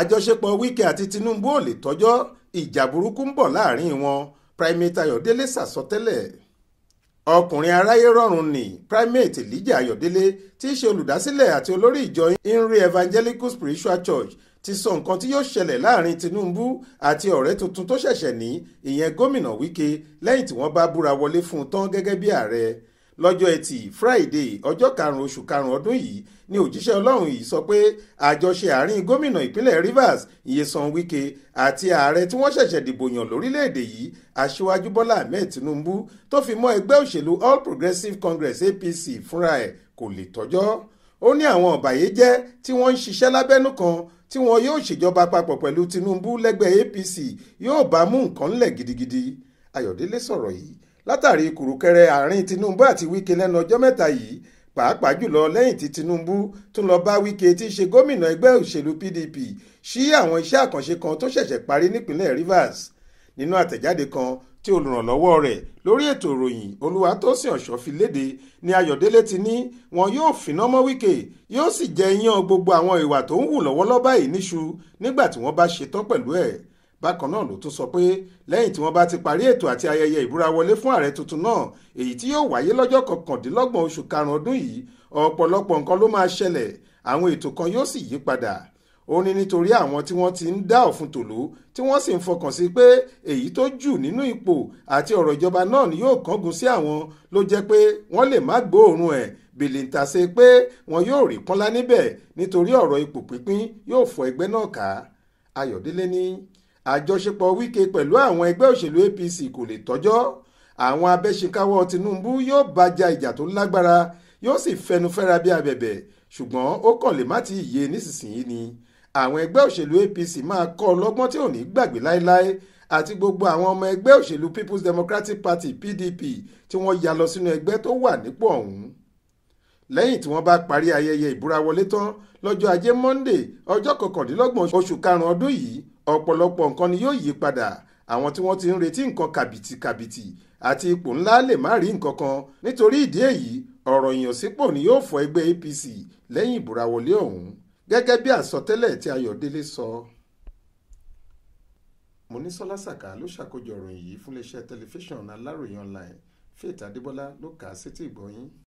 àjọṣepọ̀ Wike àti Tinubu ò lè tọ́jọ́ ìjà burúkú ń bọ̀ láàrin wọn primate Ayọ̀délé sàsọtẹ́lẹ̀ ọkùnrin aráyé rọ̀rùn ni primate Elijah Ayọ̀délé tí í ṣe olùdásílẹ̀ àti olórí ìjọ Inri Evangelical Spiritual Church ti sọ nǹkan tí yóò ṣẹlẹ̀ láàrin Tinubu àti ọ̀rẹ́ tuntun tó ṣẹ̀ṣẹ̀ ní ìyẹn gómìnà Wike lẹ́yìn tí wọ́n bá búra wọlé fún un tán gẹ́gẹ́ bí ààrẹ lọ́jọ́ etí Friday ọjọ́ karùn-ún oṣù karùn-ún ọdún yìí ni òjíṣẹ́ ọlọ́run yìí sọ pé àjọṣe àárín gómìnà ìpínlẹ̀ Rivers Nyesom Wike àti ààrẹ tí wọ́n ṣẹ̀ṣẹ̀ dìbò yàn lórílẹ̀‐èdè yìí aṣíwájú Bọ́lá Ahmed Tinubu tó fi mọ́ ẹgbẹ́ òṣèlú All Progressives Congress APC fúnra ẹ̀ kò lè tọ́jọ́ ó ní àwọn ọ̀bàyéjẹ́ tí wọ́n ń ṣiṣẹ́ lábẹ́nú kan tí wọn yóò ṣèjọba papọ̀ pẹ̀lú Tinubu lẹ́gbẹ́ APC yóò bá mú nǹkan ńlẹ̀ gidigidi Ayọ̀délé sọ̀rọ̀ yìí látàrí kùrùkẹrẹ àárín Tinubu àti Wike lẹ́nu ọjọ́ mẹ́ta yìí pàápàá jùlọ lẹ́yìn tí Tinubu tún lọ bá Wike tí í ṣe gómìnà ẹgbẹ́ òṣèlú PDP sí àwọn iṣẹ́ àkànṣe kan tó ṣẹ̀ṣẹ̀ parí nípínlẹ̀ Rivers nínú àtẹ̀jáde kan tí olùrànlọ́wọ́ rẹ̀ lórí ètò ìròyìn Olúwatósìn Ọ̀ṣọ́ fi léde ni Ayọ̀délé ti ní wọn yóò finá mọ́ Wike yóò sì jẹ iyán gbogbo àwọn ìwà tó ń hù lọ́wọ́lọ́ báyìí níṣu nígbà tí wọ́n bá ṣetán pẹ̀lú ẹ̀ bákan náà ló tún sọ pé lẹ́yìn tí wọ́n bá ti parí ètò àti ayẹyẹ ìbúrawọlé fún ààrẹ tuntun náà èyí tí yóò wáyé lọ́jọ́ kọkàndínlọ́gbọ̀n oṣù karùn-ún ọdún yìí ọ̀pọ̀lọpọ̀ nǹkan ló máa ṣẹlẹ̀ àwọn ètò kan yóò sì yí padà ó ní nítorí àwọn tí wọ́n ti ń dá òfin tòló tí wọ́n sì ń fọkàn sí pé èyí tó jù nínú ipò àti ọ̀rọ̀ ìjọba náà ni yóò kángun sí àwọn ló jẹ́ pé wọ́n lè má gbóòórùn ẹ̀ bìlìntàṣe pé wọn yóò rí pọ́nlá níbẹ̀ nítorí ọ̀rọ̀ ipò pínpín yóò fọ ẹgbẹ́ náà ká Ayọ̀délé ní àjọṣepọ̀ Wike pẹ̀lú àwọn ẹgbẹ́ òṣèlú APC kò lè tọ́jọ́ àwọn abẹ́ṣekáwọ́ Tinubu yóò bájà ìjà tó lágbára yóò sì fẹnu fẹ́ra bí abẹ̀bẹ̀ ṣùgbọ́n ó kàn lè má ti yé nísinsìnyí ni àwọn ẹgbẹ́ òṣèlú APC máa kọ́ ọlọ́gbọ́n tí ò ní gbàgbé láéláé àti gbogbo àwọn ọmọ ẹgbẹ́ òṣèlú People's Democratic Party PDP tí wọ́n ya lọ sínú ẹgbẹ́ tó wà nípò ọ̀hún lẹ́yìn tí wọ́n bá parí ayẹyẹ ìbúrawọlé tán lọ́jọ́ ajé Monday ọjọ́ kọkàndínlọ́gbọ̀n oṣù karùn-ún ọdún yìí ọ̀pọ̀lọpọ̀ nǹkan ni yóò yí padà àwọn tí wọ́n ti ń retí nǹkan kàbìtìkàbìtì àti ipò ńlá lè má rí nǹkan kan nítorí ìdí èyí ọ̀rọ̀ ìyànsípò ni yóò fọ ẹgbẹ́ APC lẹ́yìn ìbúrawọlé ọ̀hún gẹ́gẹ́ bí àsọtẹ́lẹ̀ tí Ayọ̀délé sọ. Monísọ́lá Sàká ló ṣàkójọ ìròyìn yìí fún iléeṣẹ́ tẹlifíṣàn Aláròye online Faith Adébọ́lá ló kà á sétí ìgbọ́